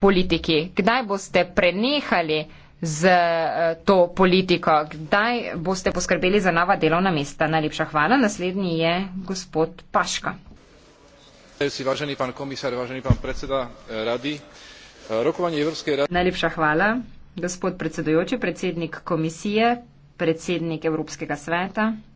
politiki? Kdaj boste prenehali z eh, to politiko? Kdaj boste poskrbeli za nova delovna mesta? Najlepša hvala. Naslednji je gospod Paška. Važeni pan komisar, važeni pan predseda eh, Radi. Eh, Rokovanje Evropske radi. Najlepša hvala, gospod predsedujoči, predsednik komisije, predsednik Evropskega sveta.